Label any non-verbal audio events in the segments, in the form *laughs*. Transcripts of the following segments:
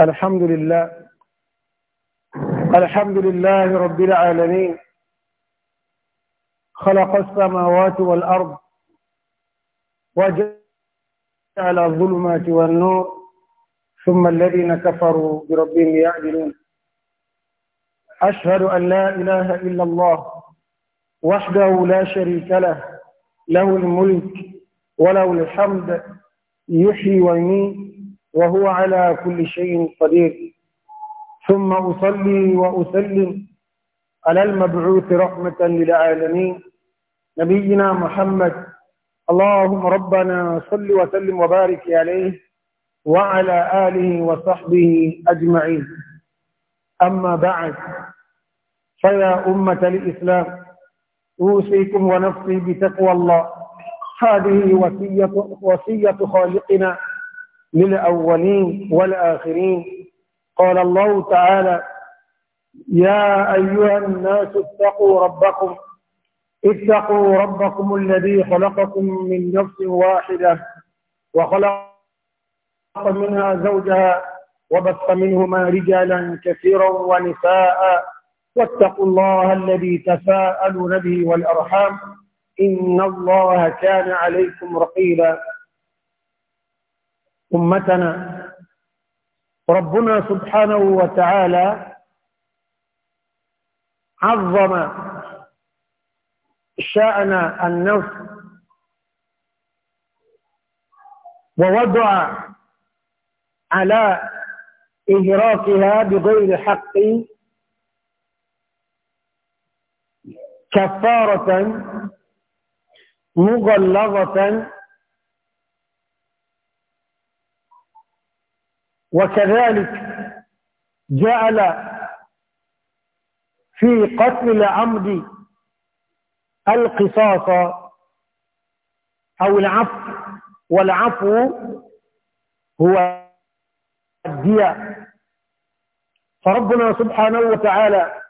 الحمد لله الحمد لله رب العالمين خلق السماوات والأرض وجعل الظلمات والنور ثم الذين كفروا بربهم يعدلون أشهد أن لا إله إلا الله وحده لا شريك له له الملك ولو الحمد يحيي ويميت وهو على كل شيء قدير ثم أصلي وأسلم على المبعوث رحمة للعالمين نبينا محمد اللهم ربنا صل وسلم وبارك عليه وعلى آله وصحبه أجمعين أما بعد فيا أمة الإسلام أوصيكم ونفسي بتقوى الله هذه وصية, وصية خالقنا للأولين والآخرين قال الله تعالى يا أيها الناس اتقوا ربكم اتقوا ربكم الذي خلقكم من نفس واحدة وخلق منها زوجها وبث منهما رجالا كثيرا ونساء واتقوا الله الذي تساءلون به والأرحام إن الله كان عليكم رقيبا أمتنا ربنا سبحانه وتعالى عظم شأن النفس ووضع على إهراكها بغير حق كفارة مغلظة وكذلك جعل في قتل العمد القصاص أو العفو والعفو هو الدية فربنا سبحانه وتعالى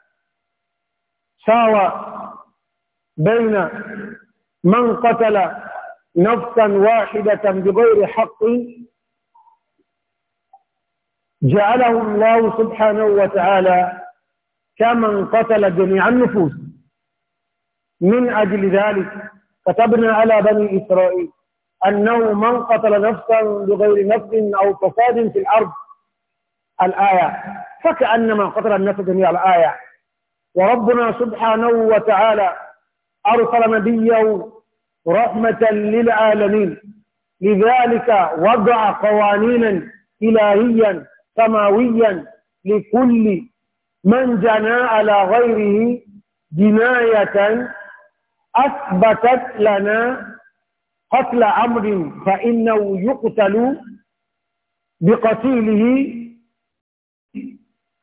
ساوى بين من قتل نفسا واحدة بغير حق جعله الله سبحانه وتعالى كمن قتل جميع النفوس من أجل ذلك كتبنا على بني إسرائيل أنه من قتل نفسا بغير نفس أو فساد في الأرض الآية فكأنما قتل النفس جميع الآية وربنا سبحانه وتعالى أرسل نبيه رحمة للعالمين لذلك وضع قوانينا إلهيا سماويا لكل من جنى على غيره جناية أثبتت لنا قتل عمر فإنه يقتل بقتيله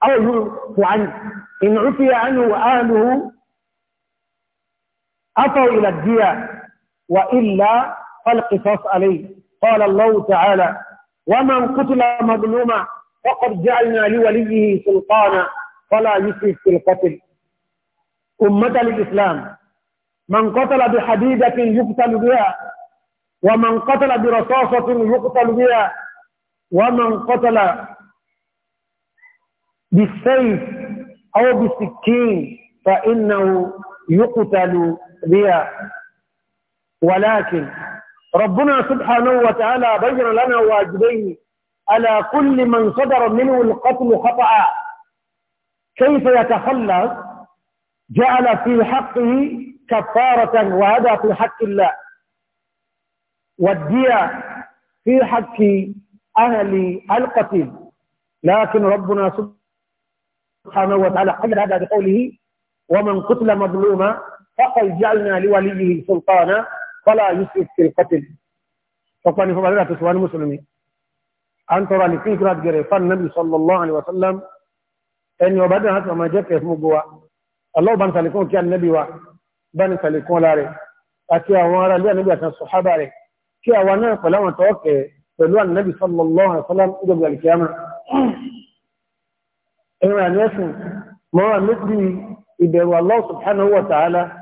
أو يعف عنه إن عفي عنه أهله أفوا إلى الديار وإلا فالقصاص عليه قال الله تعالى ومن قتل مظلوما فقد جعلنا لوليه سلطانا فلا يسرف في القتل أمة الإسلام من قتل بحديدة يقتل بها ومن قتل برصاصة يقتل بها ومن قتل بالسيف أو بالسكين فإنه يقتل بها ولكن ربنا سبحانه وتعالى بين لنا واجبين على كل من صدر منه القتل خطأ كيف يتخلص جعل في حقه كفارة وهذا في حق الله والدية في حق أهل القتيل لكن ربنا سبحانه وتعالى قبل هذا بقوله ومن قتل مظلوما فقد جعلنا لوليه سلطانا fọ́lá yusuf kìrìkọ́tìlì ọ̀pọ̀ ní fọ́bàlẹ́dà tó síwá ní mùsùlùmí an tọrọ ní fíìkì láti gẹ̀rẹ̀ fán nabi sallallahu alaihi wasallam ẹni ọba dẹ̀ hàn sọmọ jẹ́ kẹfún gbogbo wa allah ban salikun kí annabi wa ban salikun láre àti àwọn ará ilé annabi àti sọ̀hábà rẹ̀ kí àwọn náà pẹ̀lú àwọn tọ́ kẹ pẹ̀lú sallallahu alaihi wasallam ìjọba alkiyama ẹ̀rọ àníẹ́sìn mọ́ àmì ìbẹ̀rù allah subhanahu wa ta'ala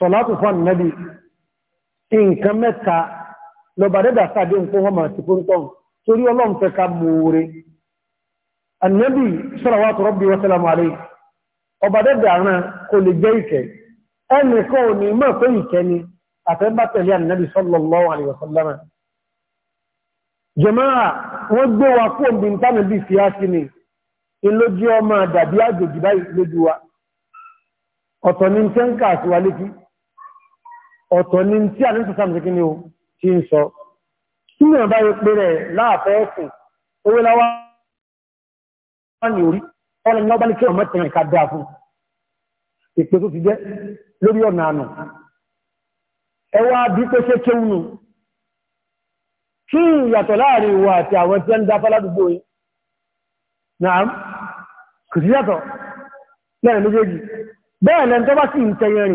sọ̀látù fún ànàbì nǹkan mẹ́ta lọ́bà dẹ́dà sáàdé ń kún ọmọ àti kúrútọ́n torí ọlọ́run fẹ́ ká mòóre ànàbì sọ́làwátù rọ́bì wọ́sálàmù àrẹ ọba dẹ́dà rán kò lè jẹ́ ìkẹ́ ẹnìkan ò ní mọ̀ pé ìkẹ́ ni àtẹ́bá tẹ̀lé ànàbì sallallahu alaihi wasallam jàmáà wọ́n bí fi ìlójú ọmọ àdàbí àjòjì báyìí lójú wa ọ̀tọ̀ ni ń tẹ́ ń kà sí wa ọ̀tọ̀ ni tí a ní sọ sáàmù kí ni o ti ń sọ kí ni ọba yóò pé rẹ̀ láàfẹ́ ẹ̀sìn owó láwá wà ní orí ọlọ́run ní ọba ní kí ọmọ tẹ̀yìn ìka dáa fún ìpè tó ti jẹ́ lórí ọ̀nà àná ẹ wá bí pé ṣe kéwù nù kí ìyàtọ̀ láàrin ìwà àti àwọn tí ń dáfá ládùúgbò yìí náà kò yàtọ̀ lẹ́yìn méjèèjì bẹ́ẹ̀ lẹ́ni tó bá sì ń tẹ̀yìn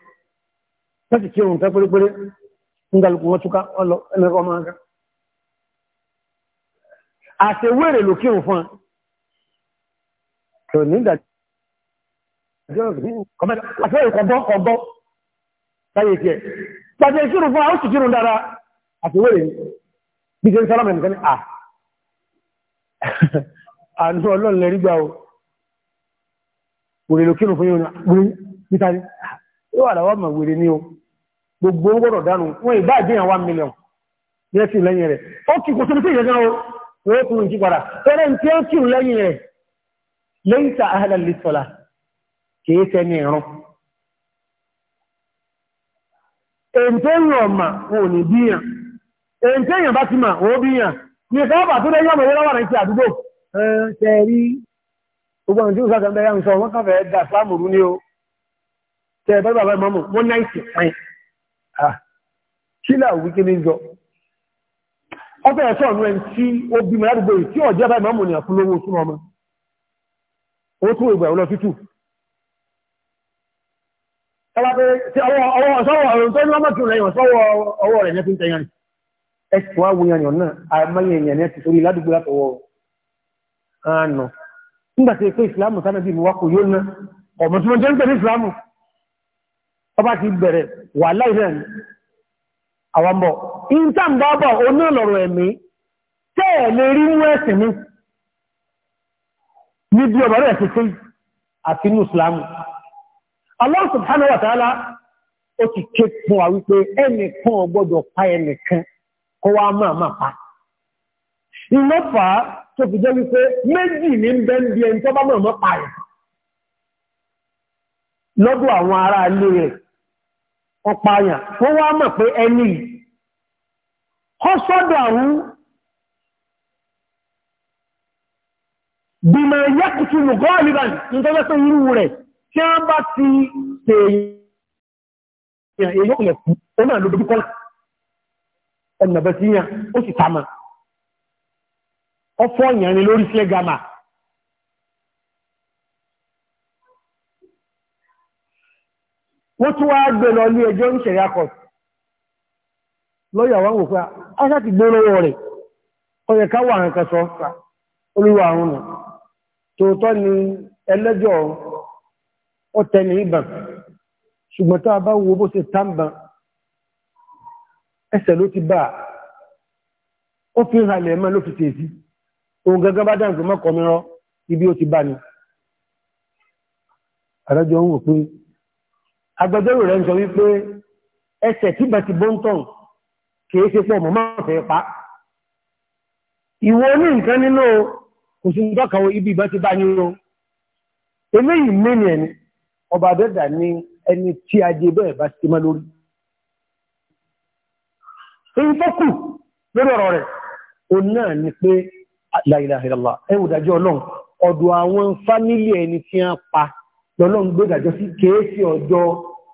wọ́n sì kí ohun tán pérépéré ń galùkù wọ́n túká ọlọ ẹnìkan máa ká àṣewéèrè ló kí ohun fún ọ ní ìdájọ́ ọ̀gbọ́n láyé tiẹ̀ pàṣẹ ìṣirò fún àwọn òṣìṣirò dára àṣewéèrè bí àánú ọlọ́run lẹ́rí gbà ó wèrè ló kí ohun fún yóò ní níta ní yóò àdáwọ̀ wèrè ní *laughs* o. gbogbo gbọ́dọ̀ dánú wọ́n ìbá àdíyàn 1 million ní ẹ̀sì lẹ́yìn rẹ̀ ó kì kò sínú sí ìrẹ́gán owó kúrò jí padà tẹ́lẹ̀ tí ó kì lẹ́yìn rẹ̀ lẹ́yìn sa ahàlà lìsọ́lá kìí sẹ́ni ẹ̀rùn èntẹ́yìn ti bàbá kílà wíkí ní jọ ọgbẹ́ ẹ̀ṣọ́ ọ̀nà ẹni tí ó bí mọ̀ ládùgbò tí ó jẹ́ báyìí mọ́mù ní àfúnlówó súnmọ́ ọmọ ó tún ìgbà ìwọ̀lọ́ títù nígbàtí pé ìsìlámù sánàbí mú wákò yóò náà ọmọ tí wọ́n jẹ́ ń pẹ̀lú ìsìlámù ọba ti bẹ̀rẹ̀ wà láìrẹ̀ àwọn bọ̀. ìntàmbà bọ̀ oní ọ̀lọ̀rọ̀ ẹ̀mí tẹ́ẹ̀ lè rí mú ẹ̀sìn ní ní bí rẹ̀ títí àti ní ìsìlámù. Allah ó ti ké fún wa wípé ẹnìkan ọgbọ́dọ̀ pa ẹnìkan kó wá máa máa pa. ìmọ́fà tó fi jẹ́ wípé méjì ọ̀pá àyàn wọ́n wá mọ̀ pé ẹni kọ́sọ́dọ̀ àwọn bímọ̀ yẹ́kùtù lùgọ́ àlìbàn nítọ́lẹ́sẹ̀ irú rẹ̀ tí a bá ti tèèyàn èyí òkùnlẹ̀ fún ọmọ lóbi kọ́lá ọ̀nà bẹ̀síyàn ó sì tàmà wọ́n tún wá gbé lọ ní ẹjọ́ ń ṣẹ̀rí akọ̀ lọ́yà wò pé ọ́sá ti lọ́wọ́ rẹ̀ sọ olúwa àrùn nù ni ẹlẹ́jọ́ ọ̀tẹ̀ ní ìbàn ṣùgbọ́n tá a bá wo bó ṣe tàǹbàn ẹsẹ̀ ló ti bá a ó fi hàlẹ̀ mọ́ ló fi tèèsí òun gẹ́gẹ́ bá ibi ó ti bá ni àdájọ́ ń agbẹjọ́rò rẹ̀ ń sọ wípé ẹsẹ̀ tí bẹ̀tì bọ́ntọ̀n kìí ṣe pọ̀ mọ́mọ́ fẹ́ pa ìwọ ní nǹkan nínú ibi ìbọn ti bá o eléyìí mẹ́ni ẹni ọba dẹ́dà ní ẹni ti mọ́ lórí ma lori ni ọ̀dọ̀ àwọn fámílì ẹni tí pa sí kèé sí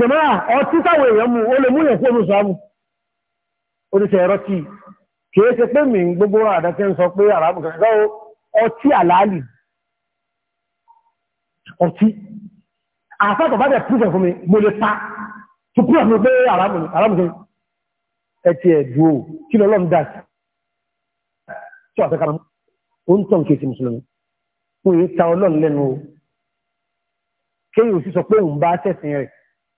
jẹ̀mọ́ra ọtí táwọn èèyàn mú o lè mú yẹn fóònù sọ́mù oníṣẹ́ ẹ̀rọ tí kìí ṣe pé mi gbogbo àdáṣẹ́ ń sọ pé àràbù kan lọ́wọ́ ọtí àlàálì ọtí àfẹ́tọ̀ bá jẹ́ púpọ̀ fún mi mo lè pa tó púpọ̀ fún mi pé àràbù kan ẹ ti ẹ̀ dúó kí lọ́lọ́ ń dà sí tí wàá fẹ́kàrà ó ń tàn kìí sí mùsùlùmí òye ta ọlọ́run lẹ́nu o kéyìn òsì sọ pé òun bá tẹ̀sìn rẹ̀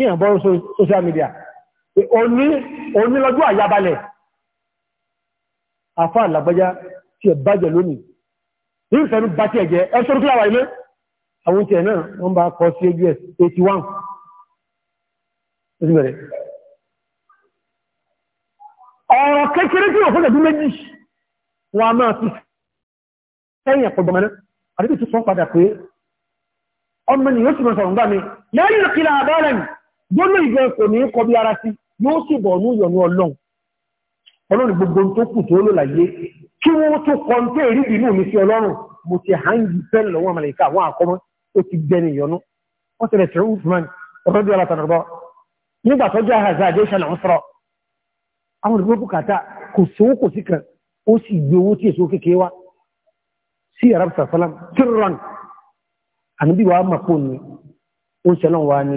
kí èèyàn bọ́rọ̀ social media òní lọ́jọ́ àyábalẹ̀ àfá àlàgbájá tí ẹ bàjẹ́ lónìí ní ìfẹ́nu bá tí ẹ̀jẹ́ ẹ sọ́rọ̀ kíláwà ilé àwọn tí ẹ̀ náà wọ́n bá kọ sí us 81 ìsìnbẹ̀rẹ̀ ọ̀rọ̀ kékeré tí wọ́n fọ́gbẹ̀ bí méjì wọn a máa fi sẹ́yìn ẹ̀pọ̀gbọ̀mọ́ná àdébìtì sọ padà pé ọmọ ni yóò sì mọ̀ sọ̀rọ̀ ń bá mi lẹ́yìn kílà àbálẹ̀ gbóná ìgbẹ́ kò ní kọbi ara sí yóò sì bọ̀ ní ìyọ̀nù ọlọ́run ọlọ́run gbogbo tó kù tó lò láyé kí wọ́n tó kọ́ tó èrí ìlú mi sí ọlọ́run mo ti hangi pẹ́ẹ́lì lọ́wọ́ àmàlẹ́kà àwọn àkọ́mọ́ ó ti gbẹ ní ìyọ̀nù wọ́n ti rẹ̀ tẹ̀rẹ̀ Usman ọ̀rọ̀ bí ọlọ́tàn rọ̀ nígbà tó jẹ́ àhàzà àdéṣà náà sọ̀rọ̀ àwọn ìlú bùkátà kò sówó kò sí kan ó sì gbé owó tí èso kékeré wá sí arab sàlám tìrọ̀n àmì bí wàá mọ̀ pọ̀ ni ó ń ṣẹlẹ̀ wá ní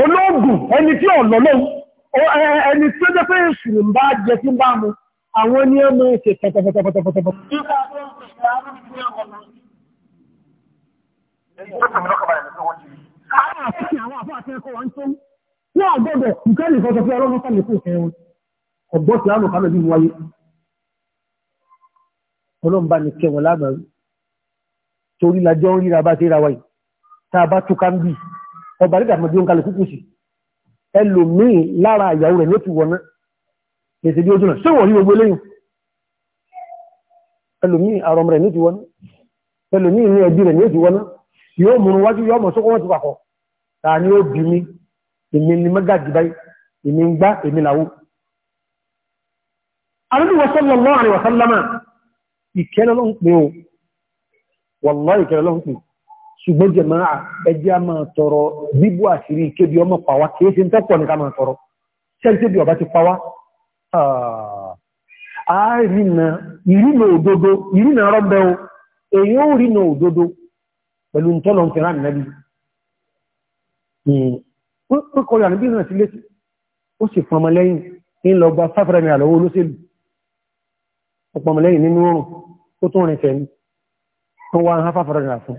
olóògùn ẹni tí ọ̀lọ́lọ́wọ́ ẹni tí ó jẹ́ pé ìṣùrù ń bá jẹ tí ń bá mu àwọn ní ọmọ ìṣe pẹ̀tẹ̀pẹ̀tẹ̀pẹ̀tẹ̀pẹ̀tẹ̀ torí lajọ́ ń ríra bá tí ra wáyìí, tàbá túká ń bìí ọba dídà mọ̀ bí ó ń kalẹ̀ kúkú sí ẹlòmíì lára ìyàwó rẹ̀ ló ti wọ̀ná èsì bí ojú náà ṣé wọ̀nyí gbogbo lẹ́yìn ẹlòmíì àrọ̀ rẹ̀ ló ti wọ̀ná ẹlòmíì ní ẹbí rẹ̀ ló ti wọ̀ná yóò mú wájú yóò mọ̀ sókó wọn ti pàkọ́ ta ni ó bí mi èmi ni mẹ́gàjì báyìí èmi ń gbá èmi làwó. àrùn sallallahu ń pè ó ṣùgbọ́n jẹ̀máà ẹjẹ́ a máa tọrọ bíbú àṣírí kébi ọmọ pàwá kìí ṣe ń tọ́pọ̀ ní ká máa tọrọ ṣẹ́lẹ̀ bí ọba ti pàwá àárínà ìrìnà òdodo ìrìnà rọ́bẹ̀ o èyí ó rìnà òdodo pẹ̀lú tọ́lọ̀ ń fẹ́ràn nẹ́bí pẹ́kọ̀ọ́ yà níbi ìrìnà sí létí ó sì pọnmọ lẹ́yìn ní lọ gba sáfẹ́rẹ́ mi àlọ́wọ́ olóṣèlú ó pọnmọ lẹ́yìn nínú oòrùn ó tún rìn fẹ̀mí wọ́n wá ń há fáfẹ́rẹ́ mi àfún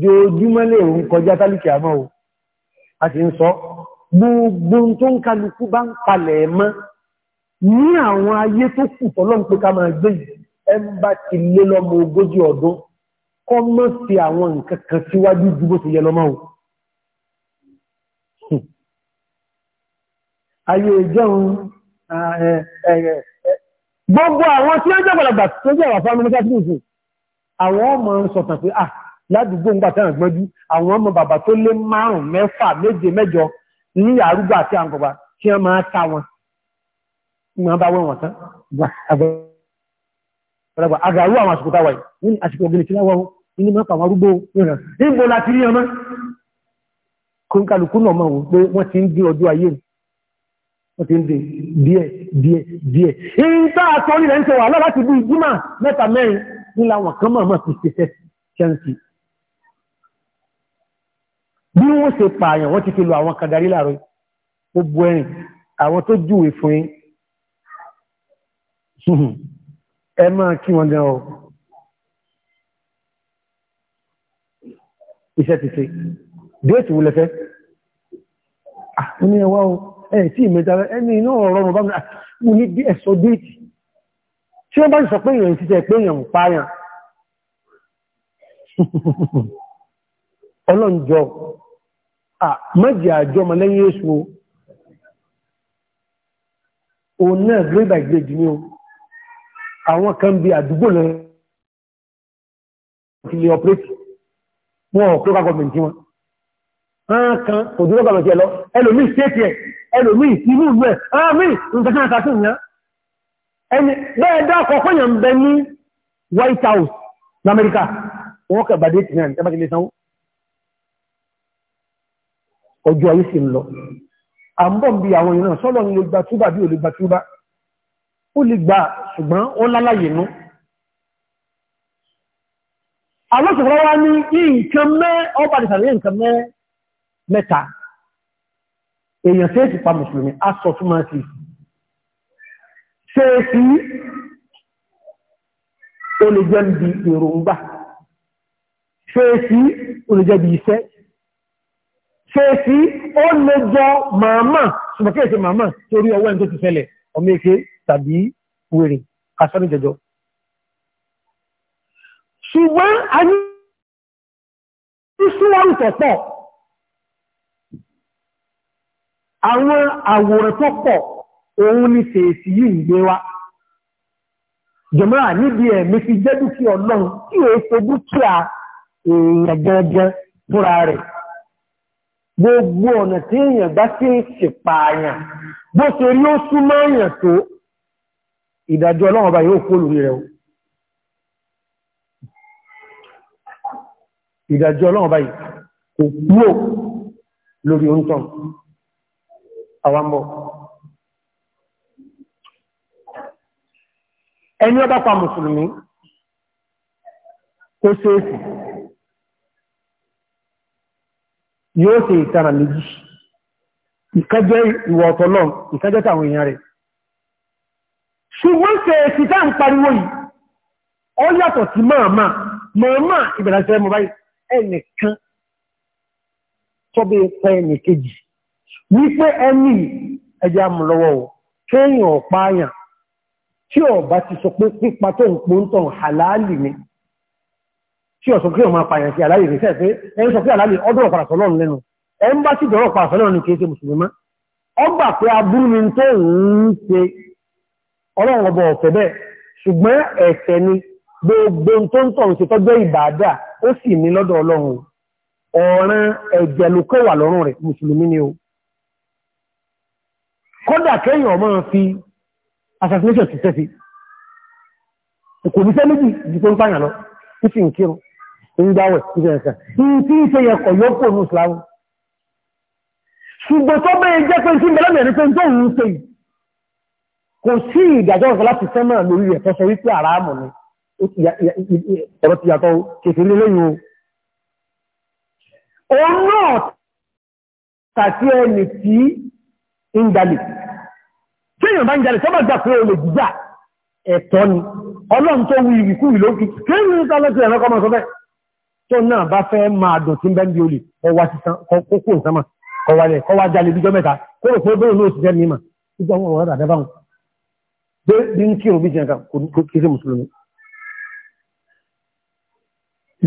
jòjúmọ́ lè ń kọjá tálìkì àmọ́ o a ti ń sọ gbogbo tó ń kálukú bá ń palẹ̀ mọ́ ní àwọn ayé tó kù tọ́lọ́n pé ká máa gbé ẹmbá ti lé lọ́mọ ogójì ọdún kọ́ mọ́ sí àwọn nǹkan kan síwájú ju bó ti yẹ lọ́mọ o ayé ìjẹun gbogbo àwọn tí ó jẹ́ pàlàgbà tó jẹ́ àwọn àwọn ọmọ ń sọ̀tàn pé ah ládùúgbò ńgbà tí àwọn gbọ́njú àwọn ọmọ bàbá tó lé márùn mẹ́fà méje mẹ́jọ ní àrúgbà àti àǹkọ̀bà tí wọ́n máa ta wọn ìwọ̀n bá wọ́n wọ̀n tán àgàrú àwọn àsìkò táwà yìí ní àsìkò ògìnì tí láwọ́ ní máa pa àwọn arúgbó ìrìn níbo láti rí ọmọ kọkàlùkù náà mọ̀ pé wọ́n ti ń dé ọjọ́ ayé wọ́n ti ń dé díẹ̀ díẹ̀ díẹ̀ ìta àtọ́rí rẹ̀ ń tẹ̀wà láti bí ìjímà mẹ́ta mẹ́rin nílà kan mọ̀ mọ̀ fi ṣe bí wọ́n ṣe pààyàn wọ́n ti fi lo àwọn kàdarí láàrọ̀ gbogbo ẹ̀rìn àwọn tó júwe fún yín ẹ máa kí wọn gan ọ iṣẹ́ ti ṣe déètì wulẹ̀fẹ́ ah, ní ẹwà o ẹ̀ tí ìmẹ́ta ẹni iná ọ̀rọ̀ ọ̀rọ̀ bá mú ah, ní bí ẹ̀sọ́ déètì tí wọ́n bá ń sọ pé èèyàn ìṣiṣẹ́ pé èèyàn ń pààyàn *laughs* ọlọ́njọ́ mọ́jì àjọmọ lẹ́yìn èṣù o òun náà gírébà ìgbèjì ni o àwọn kan bí àdúgbò lọ ilẹ̀ ọ̀pẹ́tì wọn ò kókà gọ́ọ̀mẹ̀ntì wọn án kan òdúró gọ́ọ̀mẹ̀ntì ẹ̀ lọ ẹlòmí stéètì ẹ̀ ẹlòmí ìsinú ìlú ẹ̀ àmì nǹkan kan sàtún ìyá ẹni bẹ́ẹ̀ dákọ̀ fọ́yàn ń bẹ ní White House ní Amẹ́ríkà wọ́n kẹ̀ bàdé tìǹyà ní ẹbàtìlẹ̀ sanwó ọjọ́ ayé sì ń lọ à ń bọ̀ ń bi àwọn ìran sọ́lọ́ ní lè gba túbà bí ò lè gba túbà ó lè gba ṣùgbọ́n ó lálàyé nú alọ́sọ̀rọ̀ wá ní nǹkan mẹ́ ọba ìsàlẹ̀ nǹkan mẹ́ mẹ́ta èèyàn tẹ́ẹ̀sì pa mùsùlùmí aṣọ túnmọ̀ sí ṣeéfì ó lè jẹ́ bí iṣẹ́ fèsì ó lè jọ màmá ṣùgbọ́n kéèsì màmá torí ọwọ́ ẹni tó ti fẹ́lẹ̀ ọmọ èké tàbí wèrè kásánì jẹjọ ṣùgbọ́n a ní ṣúwọ́rù tọ̀pọ̀ àwọn àwòrán tó pọ̀ òun ni fèsì yìí ń gbé wá jọmọ́ra níbi ẹ̀mí fi jẹ́ dúkìá ọlọ́run tí èé ṣe dúkìá èèyàn gẹ́gẹ́ fúnra rẹ̀ gbogbo ọ̀nà tí èèyàn bá sí ìpààyàn bó ṣe rí ó súnmọ́ èèyàn tó ìdájọ́ ọlọ́run ọba yóò kó lórí rẹ̀ o ìdájọ́ ọlọ́run ọba yìí kò kúrò lórí oúntàn àwamọ́ ẹni ọba pa mùsùlùmí kó ṣeéṣì yóò se ìtara méjì ìkẹ́jẹ́ ìwọ̀ ọ̀tọ̀lọ́ ìkẹ́jẹ́ tàwọn èèyàn rẹ̀ ṣùgbọ́n ṣe èsì ń pariwo yìí ó yàtọ̀ sí máàmá máàmá ìbẹ̀rẹ̀ mọ̀ ẹnìkan wípé ti tí ọ̀sọ̀ kí ọmọ apàyàn sí aláyè rẹ̀ sẹ́ẹ̀fẹ́ ẹ̀yìn sọ pé aláyè ọdún ọ̀pàá lẹ́nu ẹ̀ ń bá sí ìdọ̀rọ̀ ọ̀pàá sọ́lọ́run ní kìí ṣe mùsùlùmí ọgbà pé aburú ni tó ń ṣe ọlọ́run ọba ọ̀fẹ́ bẹ́ẹ̀ ṣùgbọ́n ẹ̀ṣẹ̀ ni gbogbo tó ń tọ̀ ṣe tọ́jọ́ ìbàdà ó sì ní lọ́dọ̀ ọlọ́run ọ̀ràn ẹ̀jẹ̀ ló kó wà lọ́rùn rẹ̀ mùsùlùmí ni o kódà kéèyàn assassination ti sẹ́sì kò ní sẹ́ méjì ju ń pààyàn lọ ó ń kírun ń gbáwẹ̀ ìgbẹ̀ẹ̀kan tí ń ṣe yẹ kọ̀ yóò kò ní ìsìláwọ̀ ṣùgbọ́n tó bẹ́ẹ̀ jẹ́ pé tí bẹ̀rẹ̀ mẹ́rin pé tó ń ṣe kò sí ìdájọ́ ọ̀sán láti fẹ́ náà lórí ẹ̀ tọ́sọ wípé àràámọ̀ ni ọ̀rọ̀ ti yàtọ̀ kèfì lé lẹ́yìn o òun náà tàbí ẹni tí ń jalè tí èèyàn bá ń jalè sọ́mọ̀ gbà pé o lè jíjà ẹ̀tọ́ ni ọlọ́run tó wù ìwìkú ìlókì kí ní ìtọ́lọ́sí ẹ̀rọ kọ́mọ sọ bẹ́ẹ̀ tó náà bá fẹ́ máa dùn tí ń bẹ́ ń bí olè ọwá sísan kókó ìsánmà kọwàlẹ̀ kọwà jalè bíjọ́ mẹ́ta kó o pé bóyá ní òṣìṣẹ́ mímọ̀ nígbà wọn ọ̀rọ̀ àdábà wọn dé bí ń kírun bí jẹ́ nǹkan kò kí sí mùsùlùmí.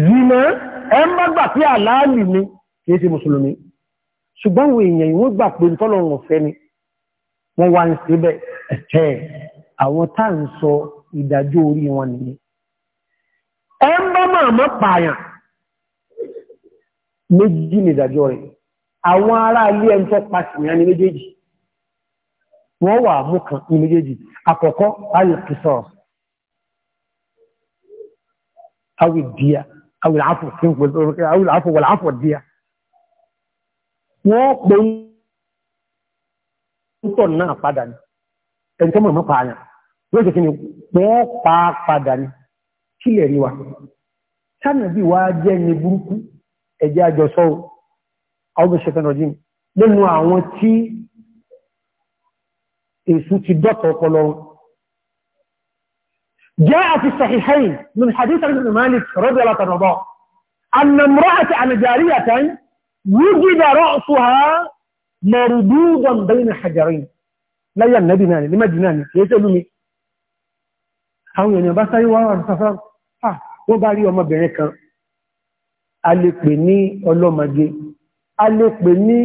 zina ẹ ń bá gbà pé àlàálì ni kì í sí mùsùlùmí ṣùgbọ́n àwọn èèyàn ìwọ́n gbà pé tọ́lọ́run ọ̀fẹ́ ni wọ́n wá ń síbẹ̀ ẹ̀ẹ́ àwọn tá ń sọ ìdájọ́ orí wọn nìyẹn ẹ ń bá màmá pààyàn méjì ní ìdájọ́ rẹ̀ àwọn ará ilé ẹni tó pa sí ní méjèèjì wọ́n wà mú kan ní méjèèjì àkọ́kọ́ alìkìsọ̀ awìdíà awìláfò wàláfò díà wọ́n pè ń tọ̀ náà padà ní ẹni tó mọ̀ mọ́ pààyàn lóòjẹ́ kí ni wọ́n pa padà ní jẹ́ ní burúkú ẹjẹ́ àjọsọ́ ọgbẹ̀ṣẹ̀fẹ́nọ̀jìn nínú àwọn tí èsù ti dọ́tọ̀ ọpọlọ jẹ́ àti sahihain min hadith ibn malik radiyallahu anhu anna imra'ata an jariyatan wujida ra'suha mardudan bayna hajarayn láyé ànàbì náà ní mẹ́jì náà ní kìí tẹ́lú mi àwọn ènìyàn bá sáyé wọ́n rán sáfá ah, wọ́n bá rí ọmọbìnrin kan a lè pè ní ọlọ́mọge a lè pè ní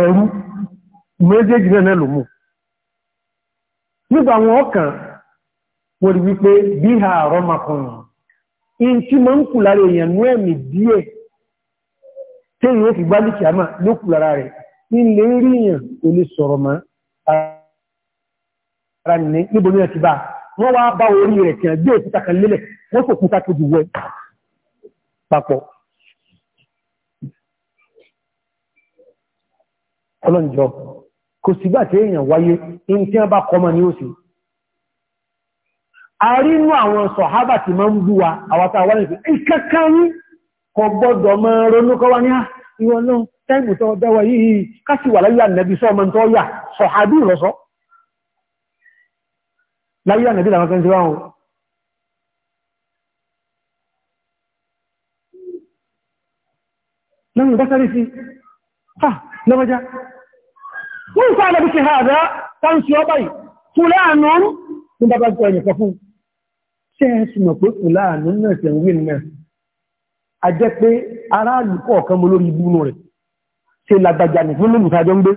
ẹrú méjèèjì náà ló mú nígbà wọn ọkàn wọ́n rí wípé bí ha àrọ́ makọ̀nà in tí ma ń kù lára èèyàn ní ẹ̀mì díẹ̀ tí èèyàn fi gbá lìkì àmà ló kù lára rẹ̀ ilé rí èèyàn kò lè sọ̀rọ̀ mọ́ ara nìyẹn níbo ní ẹ̀tì bá wọ́n wá bá orí rẹ̀ kìí ọlọ́njọ́ kò sígbà tí èèyàn wáyé in tí wọ́n bá kọmọ ní òsì a rí inú àwọn sọ̀hábà tí máa ń bú wa àwátá wá nìfẹ́ ìkẹ́kẹ́ ní kò gbọ́dọ̀ mọ́ ronúkọwá ní ìwọ̀n náà tẹ́gbù tó dẹ́wọ̀ yìí kásì wà láyé ànẹ́bí sọ́ọ̀mọ́ tó yà sọ̀hábì rọ̀sọ́ láyé ànẹ́bí làwọn من فعل بك هذا تنسي وضي فلان من بابا القرآن يكفون ṣẹ́ẹ̀sì mọ̀ pé fùláàánú náà tẹ̀ ń wí náà a jẹ́ pé aráàlú kọ̀ọ̀kan mo lórí ibúnú rẹ̀ ṣe lágbàjá ní fún lórí ìtajọ́ ń gbé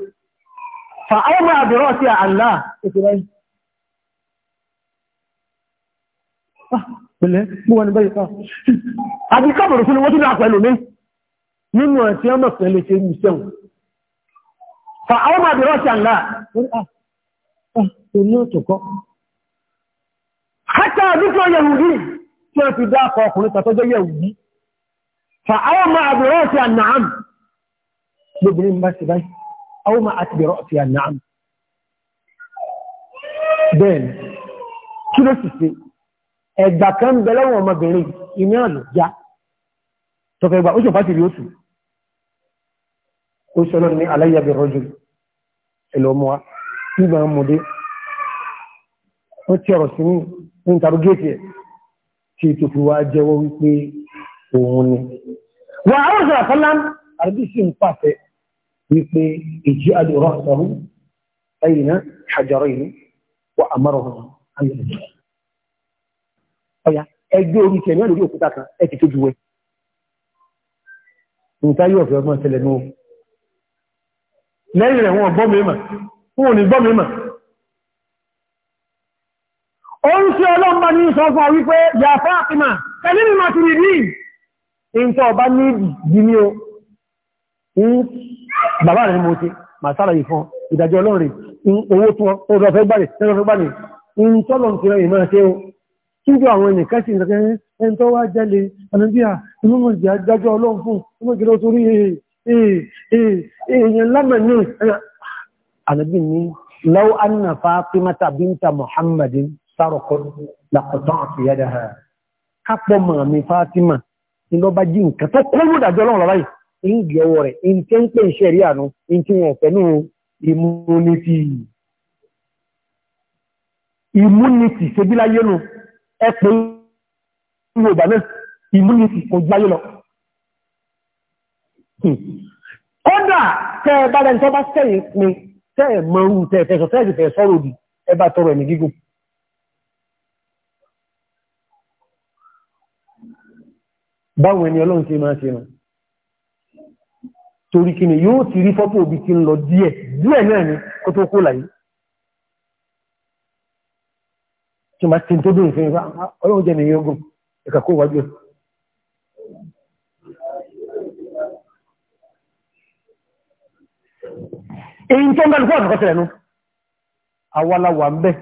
fa àwọn máa bẹ̀rẹ̀ ọ̀sán náà wọ́n ní àà ah, ah, tí wọ́n fi dá ọkùnrin kan jẹ́ yẹ̀wùdí fa àwọn máa bẹ̀rẹ̀ ọ̀sán náà bá ti báyìí àwọn máa ti bẹ̀rẹ̀ ọ̀sán náà. bẹ́ẹ̀ kí ló sì kan bẹ lọ́wọ́ ọmọbìnrin ó ṣe ọlọ́run ní aláyàbẹ̀ rọ́jù ẹlọ́mọ́wá nígbà mọ̀dé wọ́n tí ọ̀rọ̀ sí ní ìtàrúgẹ́tì ẹ̀ tí ètò fi wá jẹ́wọ́ wípé òun ni wà áwọ̀sọ̀ àfọ́lá àrùbí sí ń pàṣẹ wípé ìjí adùrọ̀ ọ̀hún ẹ̀yìnà àjọrọ̀ yìí wà àmọ́rọ̀ ọ̀hún ọ̀yà ẹgbẹ́ orí tẹ̀ ní àlórí òkúta kan ẹ̀ ti tójú wẹ̀ nǹkan yóò fẹ́ ọmọ ìṣẹ̀lẹ̀ lẹ́yìn rẹ̀ wọn gbọ́mìímà wọn ni gbọ́mìímà o ń ṣe ọlọ́mbà ní sọ wípé ya Fátímà tẹ́lẹ̀ mi máa ti rí ní ìntọ́ ọba ní ìdí ní o bàbá rẹ̀ mo ti ma sára yìí fún ìdájọ́ ọlọ́rin owó tí wọ́n rọ fẹ́ gbàrẹ̀ tẹ́lọ fẹ́ gbàrẹ̀ ìntọ́lọ̀ ti rẹ̀ èèyàn lámàní ànàbí ní lọ́wọ́ anna fátímátà bíntà muhammadin sárọkọ lápọ̀tán àti yádá ha kápọ̀ màmí fátímà ní lọ bá jí nǹkan tó kó múdà jọ lọ́wọ́ in ń gbé ọwọ́ rẹ̀ ń tẹ́ kódà tẹ́ ẹ bá lẹ́ni tọ́ bá sẹ́yìn pé tẹ́ ẹ mọ ohun tẹ́ fẹ́ sọ tẹ́ ẹ fẹ́ sọ́rọ̀ òdì ẹ bá tọrọ ẹ̀mí gígùn. báwọn ẹni ọlọ́run ṣe máa ṣe nù torí kí ni yóò ti rí fọ́tò òbí ti ń lọ díẹ̀ díẹ̀ náà ni kó tó kó láyé tí ma ti tó dùn fún ah, ọlọ́run jẹ́ nìyí ogun ìkàkó wájú èyí tó ń gbàlùkọ́ ọ̀nà kọ́sẹ̀lẹ̀ nú awalawa ń bẹ́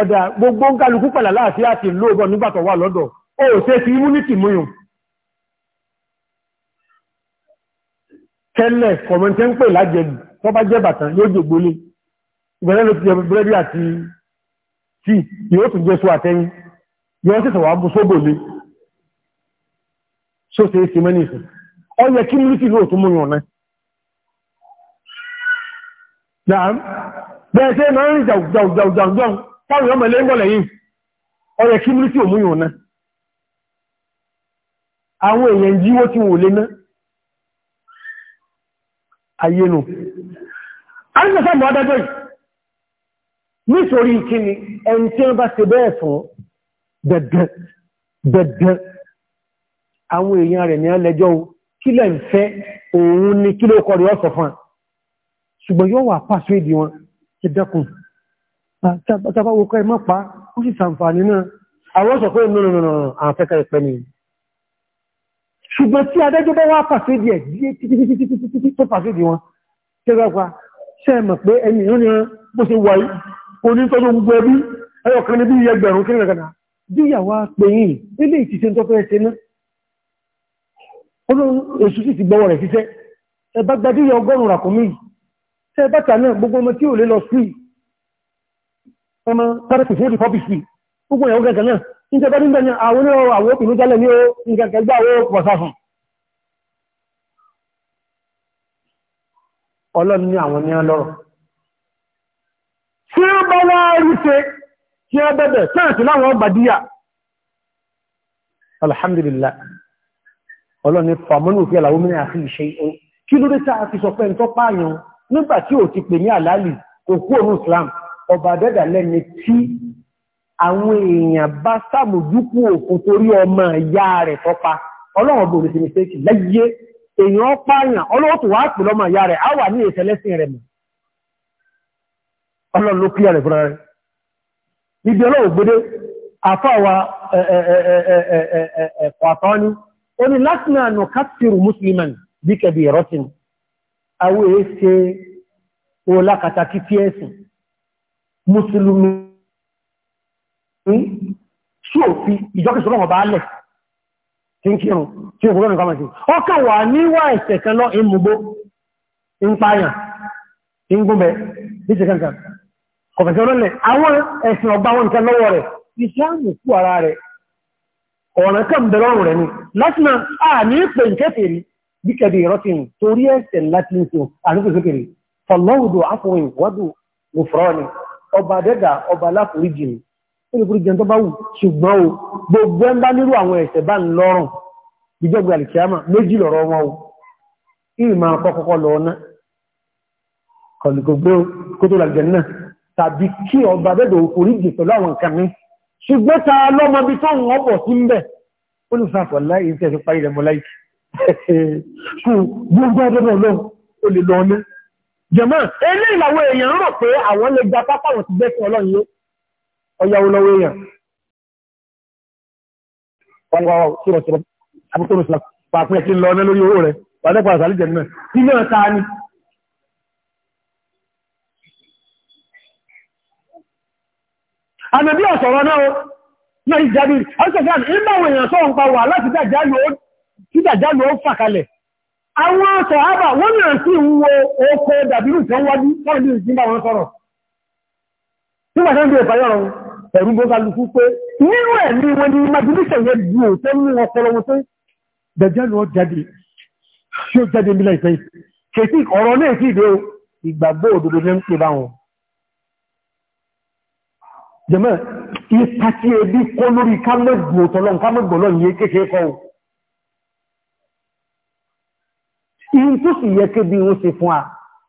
ọ̀dà gbogbo ń kálukú pẹ̀lá láti láti lóòbọ̀ nígbàtọ̀ wà lọ́dọ̀ ó ṣe fi immunity múyùn tẹ́lẹ̀ kọ̀mọ̀tẹ́ ń pè lájẹ̀lù tó bá jẹ́ bàtàn yóò jò gbólé ìbẹ̀rẹ̀ ló ti jẹ búrẹ́dì ọyẹ kí mílítì ló tún múyàn náà dáam bẹ́ẹ̀ tẹ́ máa ń rí jàùjàùjàùjàùjàùn táwọn ọmọ ilé ń gọ́lẹ̀ yìí ọyẹ kí mílítì ò múyàn náà àwọn èèyàn jíwó tí wò lé ná ayé nù alẹ́sàmù adájọ́ yìí nítorí kíni ẹni tí wọ́n bá ṣe bẹ́ẹ̀ fún dẹ̀dẹ̀ dẹ̀dẹ̀ àwọn èèyàn rẹ̀ ní alẹ́jọ́ ohun kí lẹ́ ń fẹ́ òun ni kí ló kọ́ rí ọ̀sọ̀ fún ẹ̀ ṣùgbọ́n yóò wà pàṣẹ èdè wọn ti dẹ́kun tàbáwò kọ́ ẹmọ́ pa ó sì sàǹfààní náà àwọn ọ̀sọ̀ pé nínú nínú àfẹ́kẹ́ ìpẹ́ ni ṣùgbọ́n tí adájọ́ bá wá pàṣẹ èdè ẹ̀ títí tó pàṣẹ èdè wọn tẹ́gbàgbà ṣe mọ̀ pé ẹni ìrìn ìrìn bó ṣe wà onítọ́jú gbogbo ẹbí ẹyọ̀kan ní bí ẹgbẹ̀rún kí olóhun èṣù sì ti gbọ́wọ́ rẹ̀ ṣiṣẹ́ ẹ bá gbadéyà ọgọ́rùn-ún ràkúnmí ṣe bàtà náà gbogbo ọmọ tí ò lè lọ sí ọmọ pàtàkì fún ìfọ́bì sí gbogbo ìyàwó gẹ̀gẹ̀ náà níta bá nígbà ní àwọn onírọ̀ àwọn òpinú jálẹ̀ ní ìgẹ̀gẹ̀ gbà owó pọ̀sáfún ọlọ́run ní àwọn ní ọlọ́rọ̀ tí ó bá wá rí ṣe tí ó alhamdulillah ọlọ́ni pàmọ́nù fi àlàwó mìíràn àfi ìṣe ohun kí ló dé tá a fi sọ pé ntọ́ pààyàn nígbà tí ò ti pè ní àlálì kò kú òun Islam ọba dẹ́dà lẹ́ni tí àwọn èèyàn bá sàmójúkú òkú torí ọmọ ìyá rẹ̀ tọ́pa ọlọ́run bò lè ṣe mistake lẹ́yẹ èèyàn pààyàn ọlọ́wọ́ tó wàá pè lọ́mọ ìyá rẹ̀ á wà ní ìṣẹ̀lẹ́sìn rẹ̀ mọ́ ọlọ́run ló kíyà wa ẹ̀ẹ̀ẹ̀ẹ̀ẹ̀ẹ̀ẹ̀ẹ̀ ó ní lásìnà nù kátìrù musliman bí kẹbì rọ́tìn awé ṣe ọlá kàtàkì tí ẹ̀sìn mùsùlùmí sí òfin ìjọ́kìsọ́lọ́ ọba alẹ̀ tí ń kírun tí ó gbọ́nà kọmọ̀ sí ọkà wà níwà ẹ̀sẹ̀ kan lọ ìmúgbó ń pààyàn ń gúnbẹ̀ ní ṣe kankan kọ̀fẹ̀sẹ̀ olóòlẹ̀ àwọn ẹ̀sìn ọgbà wọn nìkan lọ́wọ́ rẹ̀ ìṣẹ́ àmì kú ara rẹ̀ ọ̀ràn kan bẹ̀rẹ̀ ọ̀rùn rẹ̀ ni lásìmọ̀ a ní pè ń kẹfẹ̀ẹ́rí bí kẹ̀dì ìrọ́sìn torí ẹ̀sẹ̀ láti ń sọ àníkùsókèrè fọlọ́wùdó afọ̀wìn wọ́dù mo fọ́rọ́ ni ọba dẹ́gà ọba aláforíjì ni ó lè forí jẹun tó bá wù ṣùgbọ́n o gbogbo ẹ̀ ń bá nírú àwọn ẹ̀sẹ̀ bá ń lọ́rùn ìjọba àlìkíyàmà méjì tó ń wọ́pọ̀ sí ń bẹ̀ olùsàpọ̀ láì ń tẹ́sí parí rẹ̀ mọ́ láì kú gbogbo ọdọ́dọ̀ lọ o lè lọ ọ̀nà jẹ̀mọ́ ilé ìlàwọ̀ èèyàn rọ̀ pé àwọn lè gba pápáwọn ti gbẹ́sìn ọlọ́run yé ọyàwó lọ́wọ́ èèyàn wọ́n wá sọ̀rọ̀ sọ̀rọ̀ abúkọ́ lọ́sọ̀rọ̀ pàápín ẹ̀kí lọ ọ̀nà lórí owó rẹ̀ pàdẹ́pàá sàlẹ̀ jẹ̀ náà ilé ọ̀tá ni ànàbí ọ̀sọ̀rọ̀ náà náà ìjàdù ọ̀sẹ̀sán ìgbàwò èèyàn sọ́rọ̀ ń pa wà láti dàjálù ó fàkalẹ̀ àwọn ọ̀sọ̀ àbà wọ́n náà sí wo oko dàbírù kan wájú sọ́rọ̀ ní ìjìnbà wọn sọ́rọ̀ tí wà sẹ́ndì ìpàyọ̀ ọ̀run ẹ̀rù bó kálukú pé nínú ẹ̀ ní wọn ni imagination yẹn ju òtẹ́ mú ọpọlọ wọn pé dàjálù ó jáde tí ó jáde nílẹ̀ ìfẹ́ kèsì ọ̀rọ̀ náà sì dé ìgbàgbọ́ òdodo ní ń pè báwọn jẹ́mọ́ ipa tí ebi kó lórí kámẹ́gbò tọ́lọ́n kámẹ́gbò lọ́n yé kéèkéé kọ́ in tó sì yẹ kébí wọ́n ṣe fún a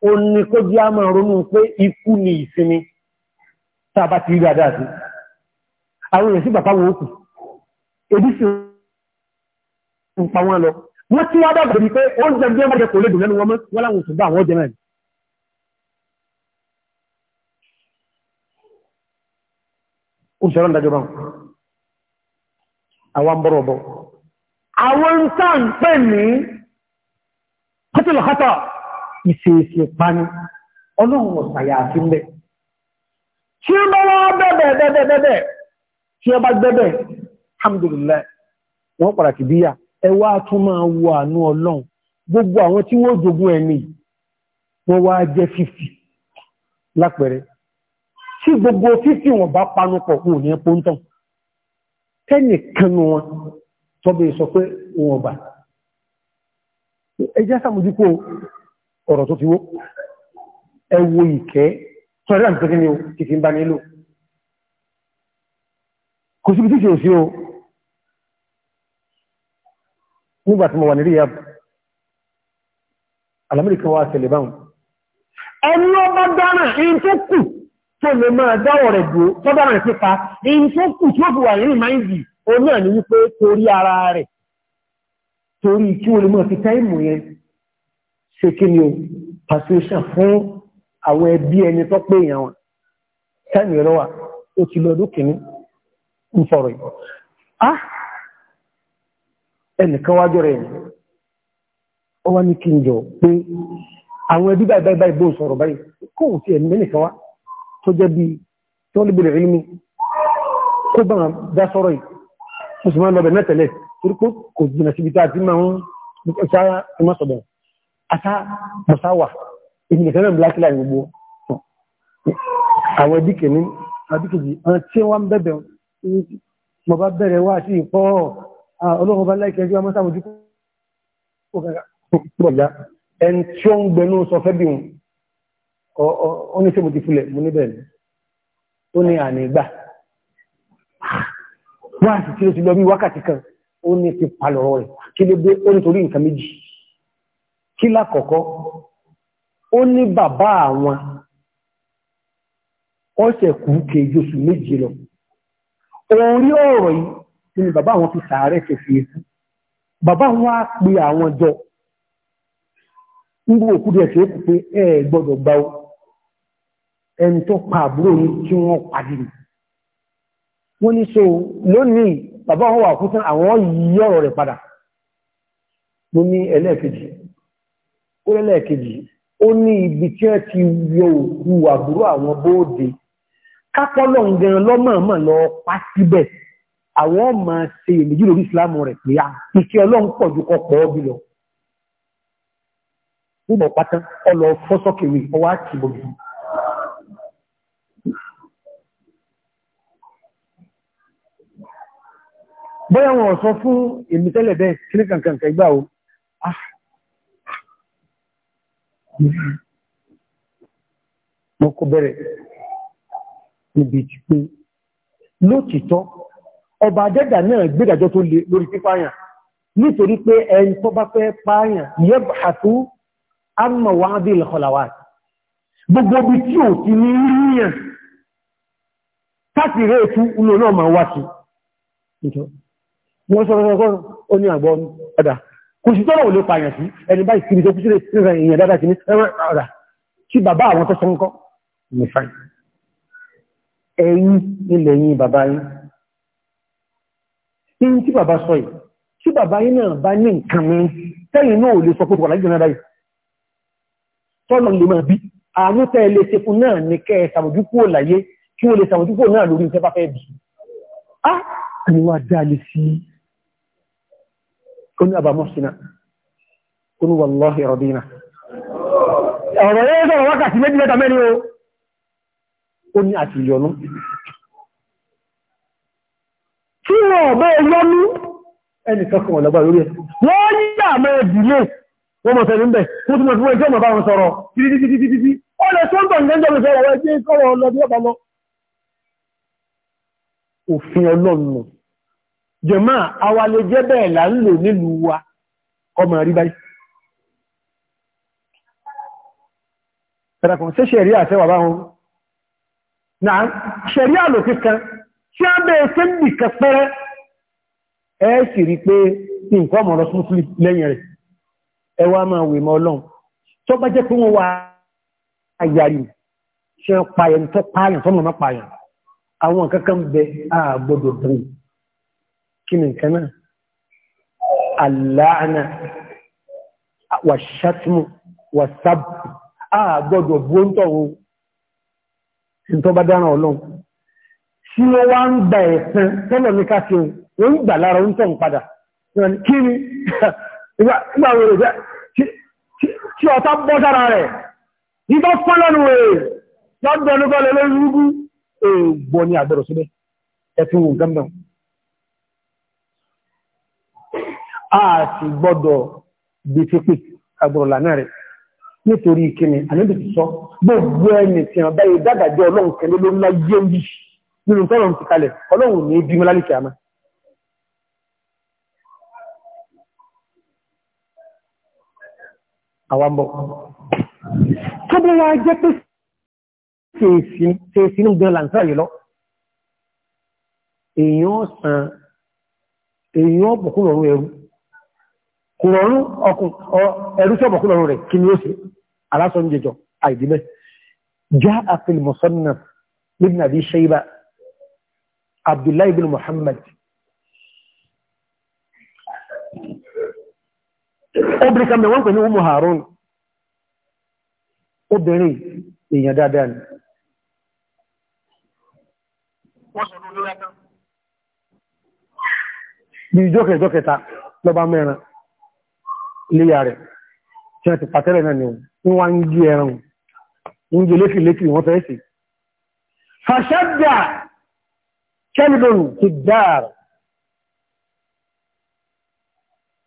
o ní kó jẹ́ àmà ronú pé ikú ni ìsinmi tàbá ti rí ń pa wọn lọ jẹ́ kò lè dùn lẹ́nu wọ́n láwọn òṣùgbà àwọn jẹ́ náà òṣèré ìdájọba àwọn bọ́rọ̀bọ̀ àwọn tán pè ní kọtùlọ̀kọtà ìṣèṣì pani ọlọ́run ọ̀sàyà àti ń bẹ̀ tí ó bá wá bẹ́bẹ̀ bẹ́bẹ̀ tí ó bá alhamdulillah wọ́n padà ti bíyà ẹwà e tún máa wo àánú ọlọ́run gbogbo àwọn tí wọ́n jogún ẹni wọ́n wá jẹ́ tí gbogbo fífí wọn bá panupọ̀ kún ní ẹpọ̀ ń tán tẹ́nì kanu wọn tọ́bẹ̀ sọ pé wọn ọba ẹjá sàmójúkú ọ̀rọ̀ tó ti wó ẹwọ ìkẹ́ tọ́rẹ́ àti tẹ́kí ni ó ti fi ń bá nílò kò o nígbà tí mo wà nílé yàbù alamíríkà wá ṣẹlẹ̀ báwọn ẹni ọba dáná ẹni tó kù tó lè máa dáwọ̀ rẹ̀ dúró tọ́bà rẹ̀ pípa in tó kù tí ó fi wà nínú máìzì o náà ni wípé torí ara rẹ̀ torí kí o lè máa fi táìmù yẹn ṣe kí ni o persuasion fún àwọn ẹbí ẹni tó pé èèyàn wọn táìmù ẹ̀rọ ó ti lọ lókè ní ń fọ̀rọ̀ yìí ah ẹnìkan wájọ rẹ̀ ó wá ní kí n jọ pé àwọn ẹbí báyìí báyìí bó sọ̀rọ̀ báyìí kóhùn ẹ̀mí nìkan wá tó jẹ́ bí tó lè bèèrè ilmi kó bá dá sọ́rọ̀ yìí musulman lọ́bẹ̀ mẹ́tẹ̀lẹ̀ torípò kò jìnà síbi tá a ti máa ń ṣára tí máa sọ̀dọ̀ àṣà mọ̀sáwà èyí nìkan náà black line gbogbo àwọn ẹbí kìíní àbíkèjì sí ìpọ́ ọlọ́run ẹni tí ó ń gbẹnú sọ fẹ́ bí wọn ó ní ṣe mo ti filẹ̀ mo níbẹ̀ ni ó ní ànígbà wá sí tí ó ti lọ bí wákàtí kan ó ní ti palọ̀rọ̀ rẹ̀ kí ló dé ó nítorí nǹkan méjì kí lákọ̀ọ́kọ́ ó ní bàbá àwọn ọ̀sẹ̀ kú kejì oṣù méje lọ orí ọ̀rọ̀ yìí tí ni bàbá àwọn fi sàárẹ̀ ṣe fi èsì bàbá wọn á pe àwọn jọ ń gbọ́ òkú díẹ̀ ṣe é kù pé ẹ gbọ́dọ̀ gbáwó ẹni tó pa àbúrò ní kí wọ́n padì ní wọ́n ní so lónìí bàbá wọn wà fún sán àwọn yí ọ̀rọ̀ rẹ̀ padà ló ní ẹlẹ́ẹ̀kejì ó lẹ́lẹ́ẹ̀kejì ó ní ibi tí ẹ ti yọ òkú àbúrò àwọn bóòdè kápọ́lọ̀ gan lọ́mọ̀ọ́mọ̀ lọ pa síbẹ̀ àwọn ọmọ ṣe èméjì lórí ìsìlámù rẹ̀ pé a ìkẹ́ ọlọ́run pọ̀ ju kọpọ̀ ọbí lọ nígbà pátá ọlọ fọ́sọ́kèwé ọwá kìbọ̀bì bóyá wọn sọ fún èmi tẹ́lẹ̀ bẹ́ẹ̀ kí ní kankankan ìgbà o ah. mo kò bẹ̀rẹ̀ níbi tí pé lótìtọ́ ọba àjẹ́dà náà gbẹ́dàjọ́ tó lè lórí pípáyàn nítorí pé ẹni tó bá fẹ́ pààyàn yẹ́b àtú àmọ̀wádìí lọ́kọ̀láwà gbogbo bí tí ò ti ní ríyàn káàkiri ètú ulò náà máa wá wọ́n sọ ọ̀rọ̀ ó ní àgbọ̀ ọ̀dà kò sí tọ́rọ̀ ò lè pààyàn sí ẹni báyìí kiri tó kúsílẹ̀ síra èèyàn dáadáa sí ní ọ̀dà tí bàbá àwọn tó sọ́nkọ́ ní fáì ẹ̀yìn ilẹ̀ yìí bàbá yìí yìí tí bàbá sọ yìí tí bàbá yìí náà bá ní nǹkan mi tẹ́yìn náà ò lè sọ pé wàlájú náà báyìí tọ́lọ̀ lè máa àníwá dá lè sí ó ní àbá mọ́sínà ó ní wàlọ́hì rọ̀dínà ọ̀rọ̀ yẹ́ sọ̀rọ̀ wákàtí méjì mẹ́ta mẹ́rin o ó ní àti ìyọnú tí wọ́n ọ̀bẹ́ yọnú ẹnì kankan ọ̀lọ́gbà lórí ẹ̀ wọ́n yíyà mẹ́ wọ́n mọ̀ tẹ̀lé ń òfin ọlọ́run jẹ̀má àwa lè jẹ́ bẹ́ẹ̀ là ń lò nílùú wa ọmọ rí báyìí ẹ̀rẹ̀kùn sí ṣẹ̀rí àtẹ́wà bá wọn náà ṣẹ̀rí àlòfin kan tí a bẹ́ẹ̀ fẹ́ nìkan pẹ́rẹ́ ẹ sì rí pé nǹkan ọmọ ọ̀rọ̀ súnfúlì lẹ́yìn rẹ̀ kí ni nǹkan náà aláàánà wàṣátìmù wàṣábù àgbọ́dọ̀ bóńtọ̀wò tó bá dára ọlọ́run tí ó wá ń gbà ẹ̀sán tọ́lọ̀ ní káfí ó ń gbà lára oúnjẹ ń padà *laughs* kí ni ìgbàwò rẹ̀ tí ọ̀tá bọ́ sára rẹ̀ nígbà fọ́lọ́nù rẹ̀ lọ́dọ̀ nígbà lọ́lọ́rùn-ún èègbọ́ ni àgbẹ̀rọ̀ sílẹ̀ ẹ̀tún gbẹ̀mọ̀ àti gbọ́dọ̀ bí fífí agbọ̀rọ̀lá náà rẹ̀ nítorí ìkíni àníbì ti sọ gbogbo ẹni tí wọn báyìí dágàjọ ọlọ́run kẹlẹ́ ló ńlá yé ń bí nínú tọ́rọ̀ ti kalẹ̀ ọlọ́run ní bí mọ́lá nìkẹ́ àmà àwambọ̀ tó bí wọ́n jẹ́ pé ṣèṣì ní gan làǹtà yìí lọ èèyàn ọ̀sán èèyàn ọ̀pọ̀kúnrọ̀rún ẹrú kò rọrùn ọkùn ẹ̀rú tí ọmọkùn lọ́rùn rẹ̀ kí ni ó sì aláṣọ ń jẹjọ àìdíbẹ̀ já àfil musannaf ibn abi shayba abdullahi ibn muhammad obìnrin kan mẹ́wọ́n pẹ̀lú umu harun obìnrin èèyàn dáadáa ni wọ́n sọ lórí ẹ̀ta lọ́ba mẹ́rin léyà rẹ̀ tí wọ́n ti pàtẹ́lẹ̀ náà ni wọ́n wá ń gé ẹran ń gé léfì léfì wọ́n fẹ́ sí. fàṣẹ́dà kẹ́lìbọ̀nù ti dáàrà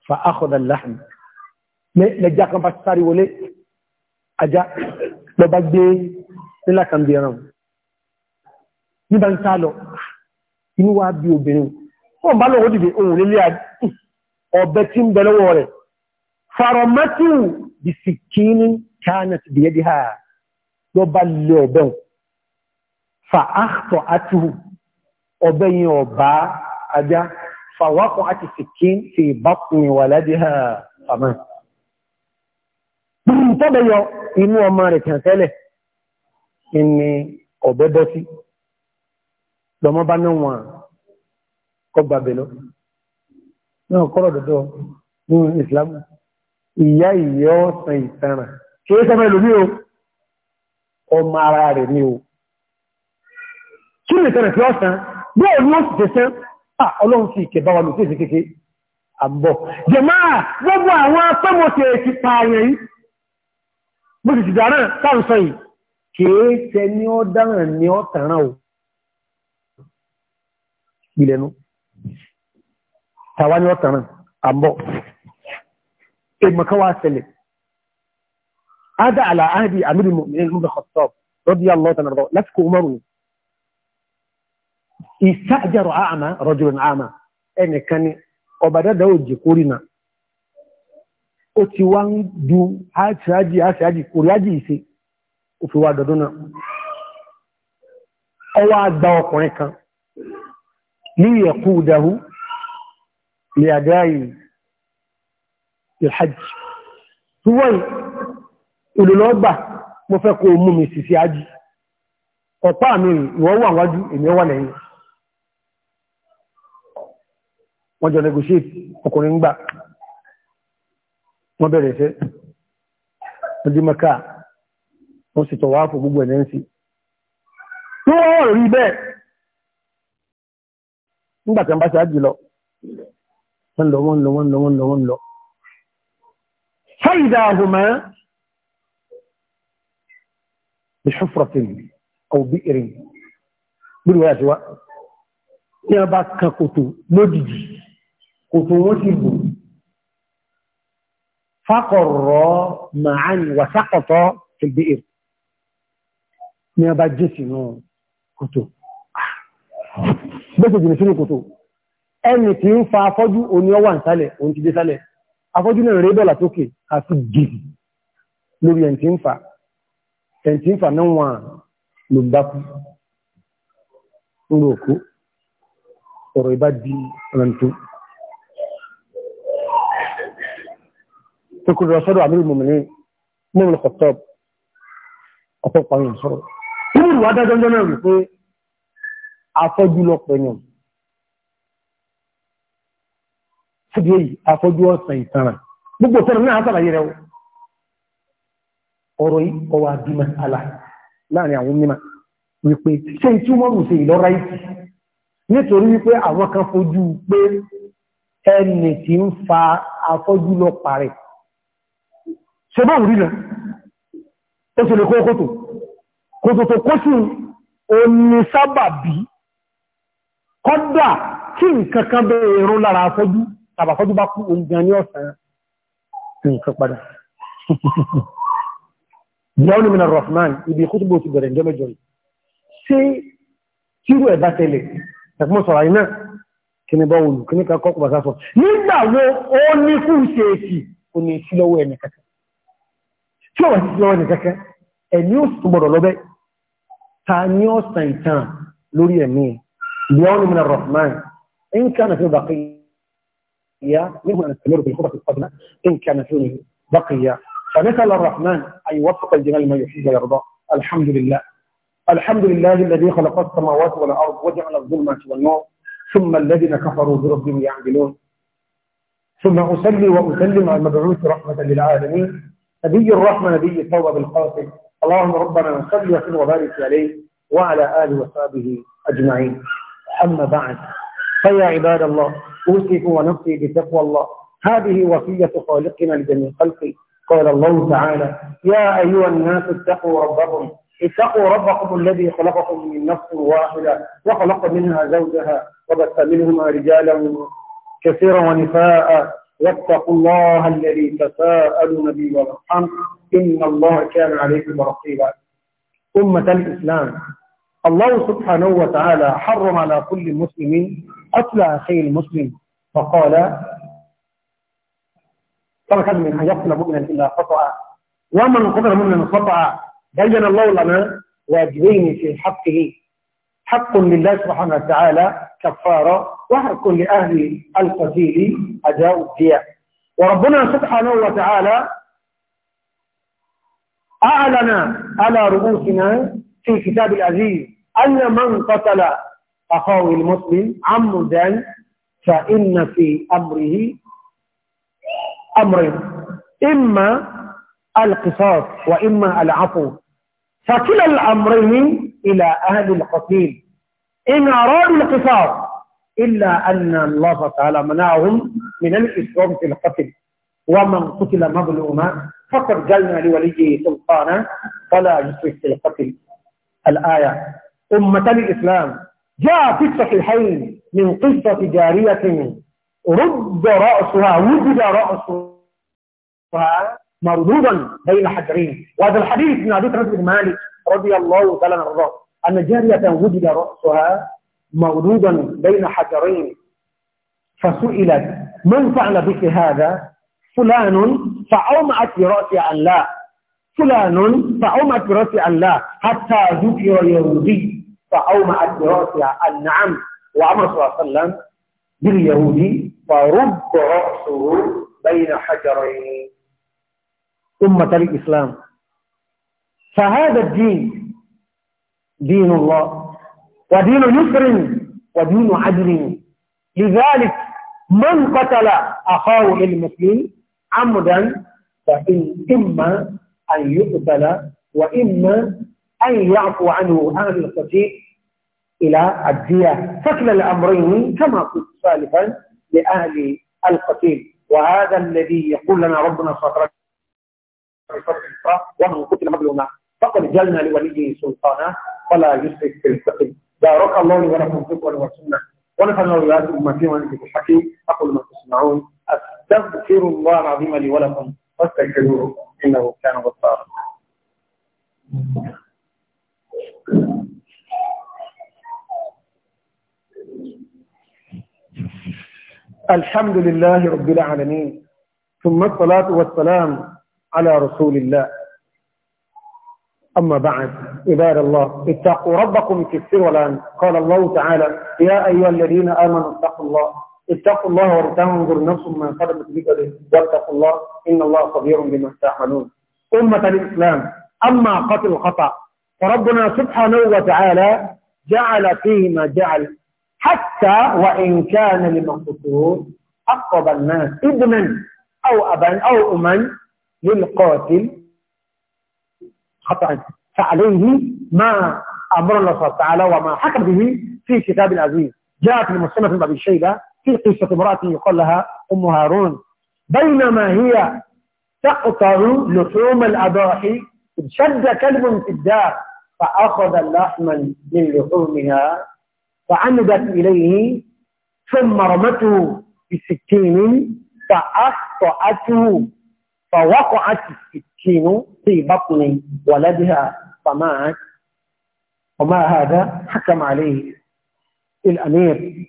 fa ákọ̀dà láàmù lẹ́jà kan bá sáré wọlé ajá lọ bá gbé nílà ẹran nígbà ń sá inú wa bí obìnrin wọn bá lọ́wọ́ dìde ohun nílé ọbẹ̀ tí ń bẹ lọ́wọ́ rẹ̀ fàrọ̀mọ́tù bí sìkínì kánàtì bí yẹ́dì ha lọ bá lè ọ̀bẹ̀ fa áàtọ̀ àtù ọ̀bẹ̀ yìí ọ̀bá ajá fàwákọ̀ àti sìkín fi bákùnrin wà ládì ha fàmà tọ́bẹ̀ yọ inú ọmọ rẹ̀ kàn tẹ́lẹ̀ ìní bọ́ sí lọ́mọ bá náà wọn kọ́ gbàbẹ̀ lọ náà kọ́rọ̀ dọ́dọ́ ní ìsìlámù ìyá ìyá ọ̀sán ìtanràn kí é sọ́mọ́ ìlú ní o ọmọ ara rẹ̀ ní o kí ní ìtanràn tí ọ̀sán bí ẹ̀rú ó sì tẹ́sán à ọlọ́run fi ìkẹ̀bá wa lòtí èsì kéèké àbọ̀ jẹ̀máà gbogbo àwọn apẹ́mọ̀tẹ̀ ti pààyàn yìí bó ti ti dáná sáǹsọ yìí kìí ṣe ní ọ dáràn ní ọ tàràn o ìlẹ̀nu tàwa ní ọ tàràn àbọ̀ èèmọ̀ kan wá ṣẹlẹ̀ ádá àlàáhàdì àmìrì mọ̀mìnir ń bẹ̀ Khattab radiyallahu ta'ala anhu lásìkò umaru ìsáàjẹ̀rọ̀ àmà rajulun àmà ẹnìkan ni ọba dada òjì kórìnà ó ti wá ń du áṣáájì áṣáájì kòríájì ìṣe òfin wa dọ̀dún náà ọwọ́ àgbà ọkùnrin kan ní ẹ̀kú ìdáhù lè àdáyìí ìlhajj túwọ́n ìlúlọ́gbà mo fẹ́ kó mú mi sìsì ájì ọ̀pá mi ìwọ́ wà wájú èmi wà lẹ́yìn wọ́n jọ negotiate ọkùnrin ń gbà wọ́n bẹ̀rẹ̀ ṣe ọdún maka wọ́n sì tọ̀wá fún gbogbo ẹ̀nẹ́ sí tí wọ́n rí bẹ́ẹ̀ nígbàtí wọ́n bá ṣe ájì lọ wọ́n lọ wọ́n lọ wọ́n lọ wọ́n lọ فإذا بحفرة أو بئر بالولايات سواء tí a bá kan kòtò lójijì kòtò wọ́n ti bù fákọ̀rọ̀ màá ní wàsákọ̀tọ̀ ìgbé èrò ní a bá jẹ́ sínú kòtò bẹ́ẹ̀ tó jìnà sínú kòtò ẹni tí ń fa afọ́jú òní ọwà ń sálẹ̀ òun ti dé sálẹ̀ afọ́jú náà rẹ̀ dọ́là tókè àti gìrì lórí ẹ̀ntì ń fà ẹ̀ntì ń fà náà wọ́n ló ń dákú ńlò òkú ọ̀rọ̀ ìbá di rántó tókùrù ọ̀sọ́dọ̀ àmìrì mọ̀mìnì mọ̀mìnì kọ̀tọ́ ọ̀pọ̀ pààyàn sọ̀rọ̀ inú ìwà dájọ́ náà wípé afọ́jú lọ́pẹ̀ náà fúdí èyí afọ́jú ọ̀sán ìtanràn gbogbo tọ́rọ náà sàlàyé rẹ̀ ọ̀rọ̀ yìí ọwà bímọ àlà láàrin àwọn mímọ̀ wípé ṣe ìtumọ̀rù sí ìlọ́ra ìtì nítorí wípé àwọn kan fojú pé ẹni tí ń fa afọ́jú lọ parẹ̀ ṣe bá òrí lọ ó kọ́dà kí nǹkan kan bẹ̀rẹ̀ lára afọ́jú tàbàkọ́jú bá kú oúnjẹ ní ọ̀sán nǹkan padà yawni min ar-rahman ibi kútùbù ti bẹ̀rẹ̀ ìjọba jọ ṣé tírú ẹ̀ bá tẹ̀lẹ̀ ẹ̀kọ́ sọ̀rọ̀ àyínà kí ni bá wọlù kí ni ká kọ́ pàṣà sọ nígbà wo ó ní kú ṣe èsì ó ní منه أن نستمر الخطط القادمة إن كان فيه بقية فنسأل الرحمن أن يوفق الجمال ما يحب ويرضى الحمد لله الحمد لله الذي خلق السماوات والأرض وجعل الظلمة والنور ثم الذين كفروا بربهم يعدلون ثم اسلي وأسلم على المبعوث رحمة للعالمين نبي الرحمة نبي التوبة بالقاسم اللهم ربنا صل وسلم وبارك عليه وعلى آله وصحبه أجمعين أما بعد فيا عباد الله أوصيكم ونفسي بتقوى الله هذه وصية خالقنا لجميع الخلق قال الله تعالى يا أيها الناس اتقوا ربكم اتقوا ربكم الذي خلقكم من نفس واحدة وخلق منها زوجها وبث منهما رجالا كثيرا ونساء واتقوا الله الذي تساءلون به والارحام إن الله كان عليكم رقيبا أمة الإسلام الله سبحانه وتعالى حرم على كل مسلم أطلع أخي المسلم فقال ترك من أن يقتل مؤمنا إلا خطأ ومن قتل مؤمنا خطأ بين الله لنا واجبين في حقه حق لله سبحانه وتعالى كفارة وحق لأهل القتيل أداء الدية وربنا سبحانه وتعالى أعلن على رؤوسنا في كتاب العزيز أن من قتل أخاه المسلم عمدا فإن في أمره أمر إما القصاص وإما العفو فكلا الأمرين إلى أهل القتيل إن أرادوا القصاص إلا أن الله تعالى منعهم من الإسلام في القتل ومن قتل مظلوما فقد جلنا لوليه سلطانا فلا يسرف في القتل الآية أمة الإسلام جاء في الصحيحين من قصة جارية رد رأسها وجد رأسها مردودا بين حجرين وهذا الحديث من حديث رجل بن مالك رضي الله تعالى عنه أن جارية وجد رأسها مردودا بين حجرين فسئلت من فعل بك هذا فلان فأومعت برأسي أن لا فلان فأومعت برأسي أن لا حتى ذكر يهودي فأومأت برأسها النعم وعمر صلى الله عليه وسلم باليهودي فرب رأسه بين حجرين أمة الإسلام فهذا الدين دين الله ودين يسر ودين عدل لذلك من قتل أخاه المسلم عمدا فإن إما أن يقتل وإما أن يعفو عنه هذا القتيل إلى الدية فكلا الأمرين كما قلت سالفا لأهل القتيل وهذا الذي يقول لنا ربنا صدرك ومن قتل مظلومة فقد جلنا لوليه سلطانا فلا يسرق في القتل بارك الله لي ولكم في القرآن والسنة ونفعنا وإياكم ما فيه في الحكي أقول ما تسمعون أستغفر الله العظيم لي ولكم واستغفروه إنه كان غفارا الحمد لله رب العالمين ثم الصلاة والسلام على رسول الله أما بعد عباد الله اتقوا ربكم في السر والآن قال الله تعالى يا أيها الذين آمنوا اتقوا الله اتقوا الله ولتنظر نفس ما قدمت بقده واتقوا الله إن الله خبير بما تعملون أمة الإسلام أما قتل خطأ فربنا سبحانه وتعالى جعل فيه ما جعل حتى وإن كان لمن قتول أقرب الناس ابنا أو أبا أو أما للقاتل خطأ فعليه ما أمر الله سبحانه وتعالى وما حكم به في كتاب العزيز في المسلمة بن أبي شيبة في قصة امرأة يقال لها أم هارون بينما هي تقطع لحوم الأضاحي شد كلب في الدار فأخذ اللحم من لحومها فعمدت إليه ثم رمته بسكين فأخطأته فوقعت السكين في بطن ولدها فمات وما هذا حكم عليه الأمير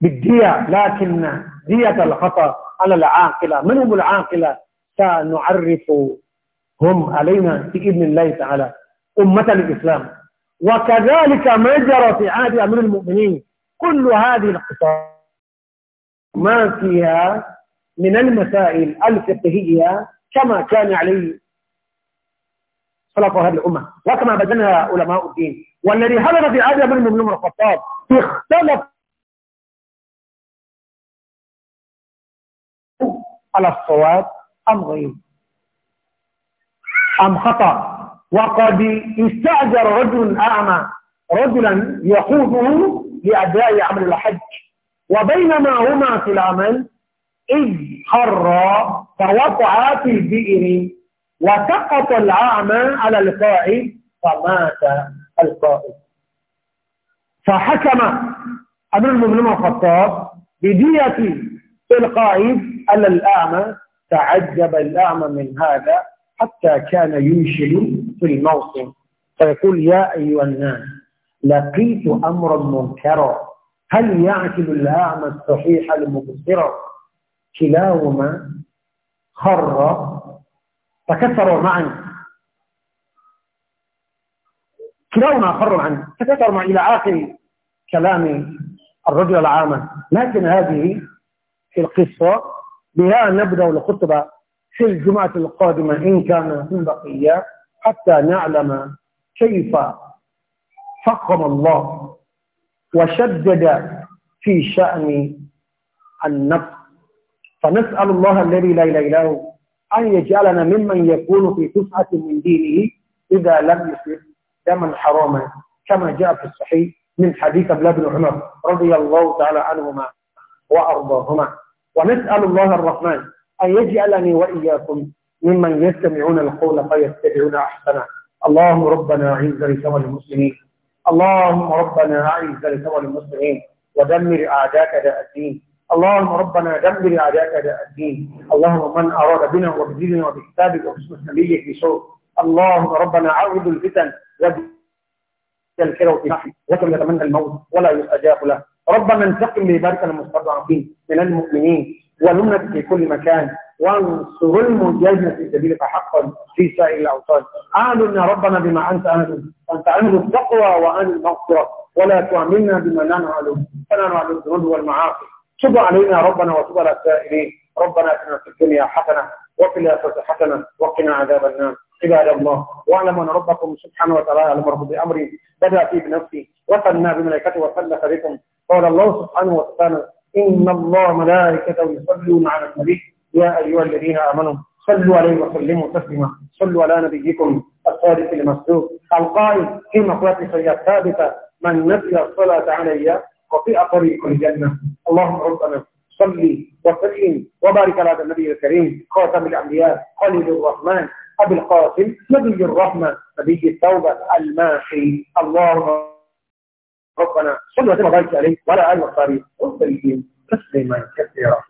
بالدية لكن دية الخطأ على العاقلة من هم العاقلة سنعرف هم علينا بإذن الله تعالى أمة الإسلام وكذلك ما جرى في عهد أمير المؤمنين كل هذه القصص ما فيها من المسائل الفقهية كما كان عليه خلق هذه الأمة وكما بدنها علماء الدين والذي حضر في عهد أمير المؤمنين بن الخطاب اختلف على الصواب أم غيره أم خطأ وقد استأجر رجل أعمى رجلا يقوده لأداء عمل الحج وبينما هما في العمل إذ خر فوقع في البئر وسقط الأعمى على القائد فمات القائد فحكم أمير المؤمنين الخطاب بدية القائد على الأعمى تعجب الأعمى من هذا حتى كان ينشد في الموسم فيقول يا أيها الناس لقيت أمرا منكرا هل يعقل الأعمى الصحيح المبصرا كلاهما خر تكسروا معا كلاهما خر معا تكثر مع إلى آخر كلام الرجل العامة لكن هذه القصة بها نبدأ الخطبة في الجمعة القادمة إن كان من بقية حتى نعلم كيف فقم الله وشدد في شأن النفس فنسأل الله الذي لا إله إلا هو أن يجعلنا ممن يكون في تسعة من دينه إذا لم يصير دما حراما كما جاء في الصحيح من حديث ابن بن عمر رضي الله تعالى عنهما وأرضاهما ونسأل الله الرحمن أن يجعلني وإياكم ممن يستمعون القول فيتبعون أحسنه اللهم ربنا أعز لسوى المسلمين اللهم ربنا أعز لسوى المسلمين ودمر أعداءك داء الدين اللهم ربنا دمر أعداءك داء الدين اللهم من أراد بنا وبديننا وبكتابك وباسم نبيك بسوء اللهم ربنا عرض الفتن الكرة لكن يتمنى الموت ولا يستجاب له ربنا انتقم لبارك المستضعفين من المؤمنين والأمة في كل مكان وانصر المجاهدين في سبيلك حقا في سائر الأوطان آمنا ربنا بما أنت أهل أنت أهل التقوى وآمن المغفرة ولا تؤمننا بما لا نعلم فلا نعلم الذنوب والمعاصي تب علينا ربنا وتب على السائلين ربنا اتنا في الدنيا حسنه وفي الاخره حسنه وقنا عذاب النار عباد الله واعلم ان ربكم سبحانه وتعالى مرض بامره بدا فيه بنفسه وثنى بملائكته وثلث بكم قال الله سبحانه وتعالى إن الله ملائكته يصلون على النبي يا أيها الذين آمنوا صلوا عليه وسلموا تسليما صلوا على نبيكم الصادق المصدوق القائل في مقلة سيئة ثابتة من نسي الصلاة علي وفي طريق الجنة اللهم ربنا صلي وسلم وبارك على النبي الكريم خاتم الأنبياء خليل الرحمن أبي القاسم نبي الرحمة نبي التوبة الماحي اللهم ربنا صل وسلم عليه وعلى اله وصحبه وسلم تسليما كثيرا